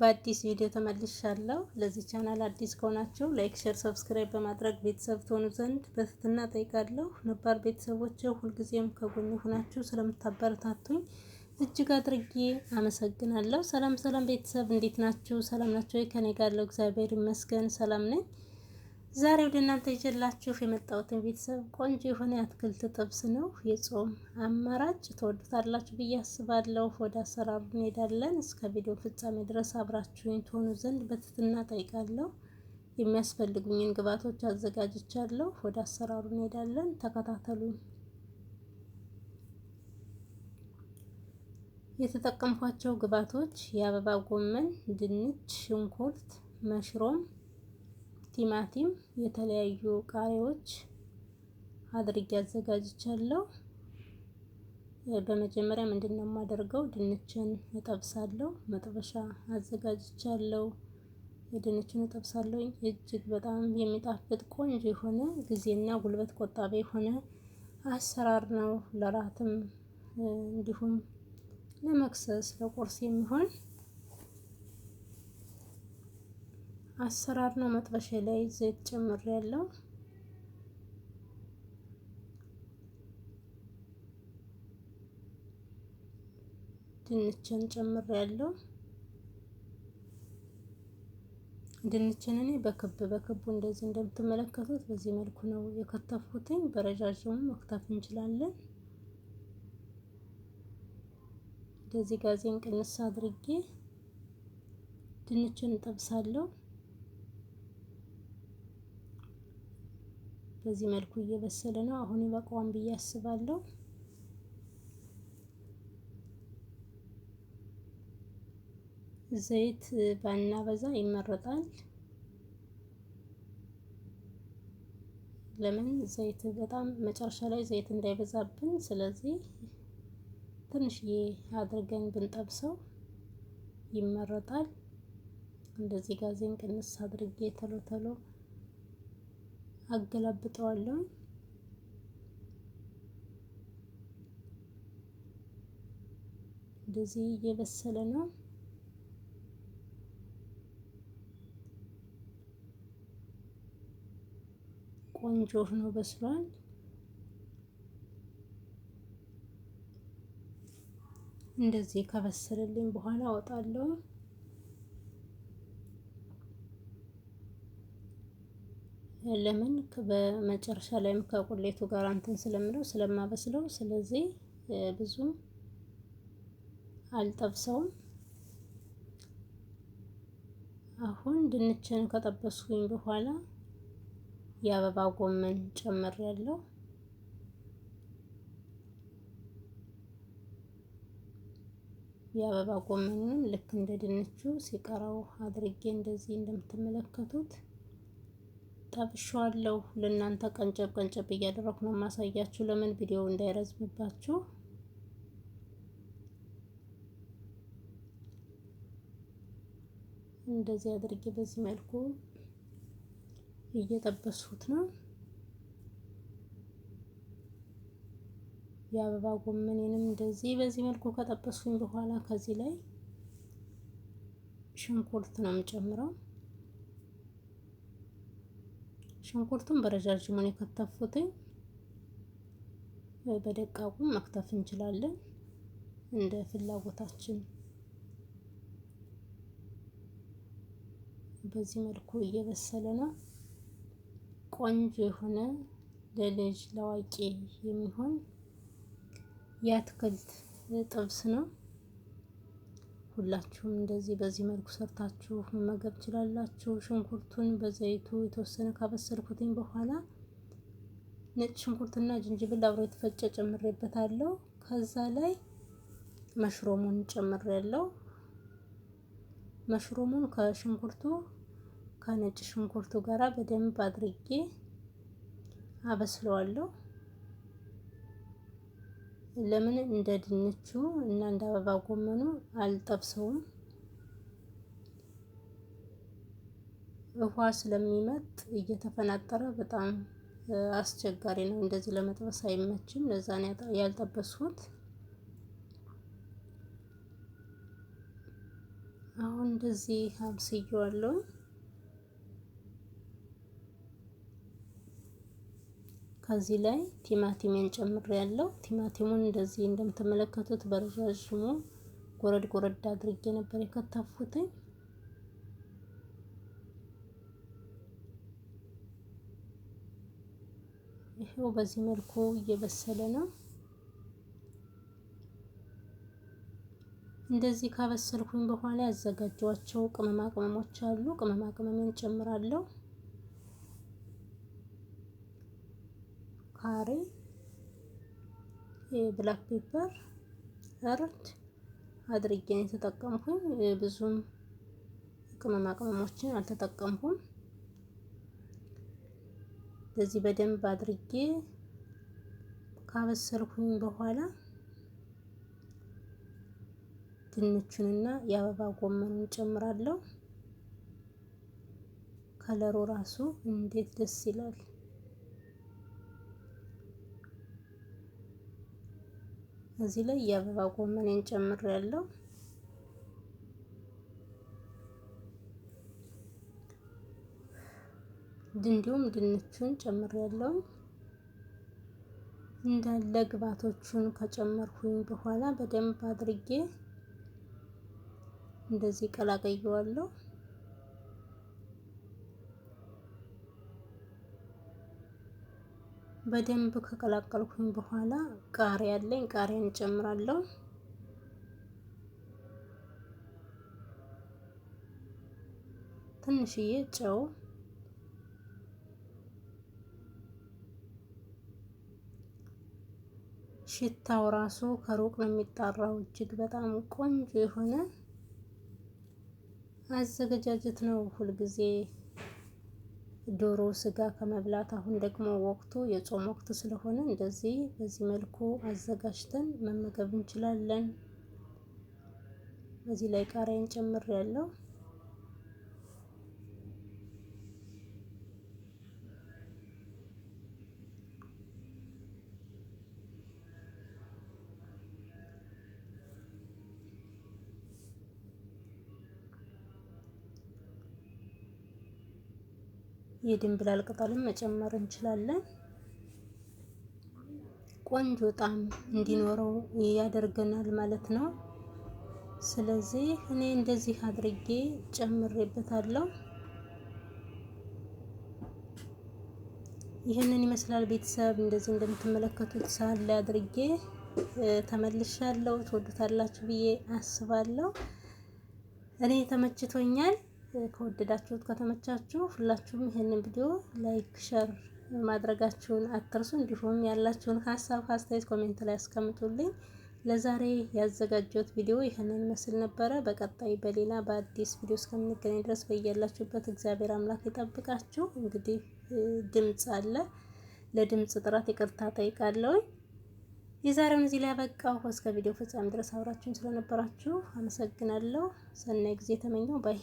በአዲስ ቪዲዮ ተመልሻለሁ። ለዚህ ቻናል አዲስ ከሆናችሁ ላይክ፣ ሼር፣ ሰብስክራይብ በማድረግ ቤተሰብ ትሆኑ ዘንድ በትህትና ጠይቃለሁ። ነባር ቤተሰቦች ሁልጊዜም ከጎኝ ሆናችሁ ስለምታበረታቱኝ እጅግ አድርጌ አመሰግናለሁ። ሰላም ሰላም ቤተሰብ እንዴት ናችሁ? ሰላም ናቸው? ከኔ ጋር ያለው እግዚአብሔር ይመስገን ሰላም ነኝ። ዛሬ ወደ እናንተ ይዤላችሁ የመጣሁትን ቤተሰብ ቆንጆ የሆነ የአትክልት ጥብስ ነው። የጾም አማራጭ ተወዱታላችሁ ብዬ አስባለሁ። ወደ አሰራሩ እንሄዳለን። እስከ ቪዲዮ ፍጻሜ ድረስ አብራችሁኝ ትሆኑ ዘንድ በትህትና ጠይቃለሁ። የሚያስፈልጉኝን ግብአቶች አዘጋጅቻለሁ። ወደ አሰራሩ እንሄዳለን። ተከታተሉኝ። የተጠቀምኳቸው ግባቶች የአበባ ጎመን፣ ድንች፣ ሽንኩርት፣ መሽሮም ቲማቲም፣ የተለያዩ ቃሪያዎች አድርጌ አዘጋጅቻለሁ። በመጀመሪያ ምንድን ነው የማደርገው? ድንችን እጠብሳለሁ። መጥበሻ አዘጋጅቻለሁ። ድንችን እጠብሳለሁ። እጅግ በጣም የሚጣፍጥ ቆንጆ የሆነ ጊዜና ጉልበት ቆጣቢ የሆነ አሰራር ነው። ለራትም እንዲሁም ለመክሰስ ለቁርስ የሚሆን አሰራር ነው። መጥበሻ ላይ ዘይት ጨምር ያለው ድንችን ጨምር ያለው ድንችን እኔ በክብ በክቡ እንደዚህ እንደምትመለከቱት በዚህ መልኩ ነው የከተፉትኝ። በረጃጅሙ መክተፍ እንችላለን። እንደዚህ ጋዜን ቅንስ አድርጌ ድንችን እንጠብሳለሁ። በዚህ መልኩ እየበሰለ ነው። አሁን ይበቃዋን ብዬ አስባለሁ። ዘይት ባናበዛ ይመረጣል። ለምን ዘይት በጣም መጨረሻ ላይ ዘይት እንዳይበዛብን፣ ስለዚህ ትንሽዬ አድርገን ብንጠብሰው ይመረጣል። እንደዚህ ጋዜን ቅንስ አድርጌ ተሎ ተሎ አገላብጠዋለሁ። እንደዚህ እየበሰለ ነው። ቆንጆ ሆኖ በስሏል። እንደዚህ ከበሰለልኝ በኋላ አወጣለሁ። ለምን በመጨረሻ ላይም ከቁሌቱ ጋር እንትን ስለምለው ስለማበስለው፣ ስለዚህ ብዙም አልጠብሰውም። አሁን ድንችን ከጠበስኩኝ በኋላ የአበባ ጎመን ጨምሬያለሁ። የአበባ ጎመኑንም ልክ እንደ ድንቹ ሲቀረው አድርጌ እንደዚህ እንደምትመለከቱት ጠብሼዋለሁ። ለእናንተ ቀንጨብ ቀንጨብ እያደረኩ ነው የማሳያችሁ። ለምን ቪዲዮ እንዳይረዝምባችሁ። እንደዚህ አድርጌ በዚህ መልኩ እየጠበሱት ነው። የአበባ ጎመኔንም እንደዚህ በዚህ መልኩ ከጠበሱኝ በኋላ ከዚህ ላይ ሽንኩርት ነው የምጨምረው። ሽንኩርቱን በረዣዥሙን የከተፉትኝ በደቃቁ መክተፍ እንችላለን እንደ ፍላጎታችን። በዚህ መልኩ እየበሰለ ነው። ቆንጆ የሆነ ለልጅ ለአዋቂ የሚሆን የአትክልት ጥብስ ነው። ሁላችሁም እንደዚህ በዚህ መልኩ ሰርታችሁ መመገብ ትችላላችሁ። ሽንኩርቱን በዘይቱ የተወሰነ ካበሰልኩትኝ በኋላ ነጭ ሽንኩርትና ጅንጅብል አብሮ የተፈጨ ጨምሬበታለሁ። ከዛ ላይ መሽሮሙን ጨምሬያለሁ። መሽሮሙን ከሽንኩርቱ ከነጭ ሽንኩርቱ ጋራ በደንብ አድርጌ አበስለዋለሁ። ለምን እንደ ድንቹ እና እንደ አበባ ጎመኑ አልጠብሰውም። ውሃ ስለሚመጥ እየተፈናጠረ በጣም አስቸጋሪ ነው። እንደዚህ ለመጥበስ አይመችም። ለዛን ያልጠበስኩት። አሁን እንደዚህ አብስዬዋለሁ። ከዚህ ላይ ቲማቲሜን ያለው ቲማቲሙን እንደዚህ እንደምትመለከቱት በረዣዥሙ ጎረድ ጎረድ አድርጌ ነበር የከተፉትኝ። ይሄው በዚህ መልኩ እየበሰለ ነው። እንደዚህ ካበሰልኩኝ በኋላ ያዘጋጀዋቸው ቅመማ ቅመሞች አሉ። ቅመማ ቅመሜን ጨምራለሁ። ብላክ ፔፐር እርድ አድርጌ ነው የተጠቀምኩኝ። ብዙም ቅመማ ቅመሞችን አልተጠቀምኩም። በዚህ በደንብ አድርጌ ካበሰልኩኝ በኋላ ድንቹንና የአበባ ጎመኑን ጨምራለሁ። ከለሩ ራሱ እንዴት ደስ ይላል! እዚህ ላይ የአበባ ጎመኔን ያለው እንዲሁም ድንቹን ጨምር ያለው እንዳለ ግባቶቹን ከጨመርኩኝ በኋላ በደንብ አድርጌ እንደዚህ ቀላቀየዋለሁ። በደንብ ከቀላቀልኩኝ በኋላ ቃሪያ አለኝ፣ ቃሪያን እጨምራለሁ። ትንሽዬ ጨው፣ ሽታው ራሱ ከሩቅ ነው የሚጣራው። እጅግ በጣም ቆንጆ የሆነ አዘገጃጀት ነው ሁልጊዜ ዶሮ ስጋ ከመብላት አሁን ደግሞ ወቅቱ የጾም ወቅት ስለሆነ እንደዚህ በዚህ መልኩ አዘጋጅተን መመገብ እንችላለን። እዚህ ላይ ቃሪያን ጨምር ያለው የድንብላል ቅጠልን መጨመር እንችላለን። ቆንጆ ጣዕም እንዲኖረው ያደርገናል ማለት ነው። ስለዚህ እኔ እንደዚህ አድርጌ ጨምሬበታለሁ። ይህንን ይመስላል ቤተሰብ። እንደዚህ እንደምትመለከቱት ሳህን ላይ አድርጌ ተመልሻለሁ። ትወዱታላችሁ ብዬ አስባለሁ። እኔ ተመችቶኛል። ከወደዳችሁት ከተመቻችሁ ሁላችሁም ይህንን ቪዲዮ ላይክ፣ ሸር ማድረጋችሁን አትርሱ። እንዲሁም ያላችሁን ሀሳብ አስተያየት ኮሜንት ላይ አስቀምጡልኝ። ለዛሬ ያዘጋጀሁት ቪዲዮ ይህንን መስል ነበረ። በቀጣይ በሌላ በአዲስ ቪዲዮ እስከምንገናኝ ድረስ በያላችሁበት እግዚአብሔር አምላክ ይጠብቃችሁ። እንግዲህ ድምፅ አለ፣ ለድምፅ ጥራት ይቅርታ ጠይቃለሁ። የዛሬውን እዚህ ላይ ያበቃው። እስከ ቪዲዮ ፍጻሜ ድረስ አብራችሁን ስለነበራችሁ አመሰግናለሁ። ሰናይ ጊዜ ተመኘው ባይ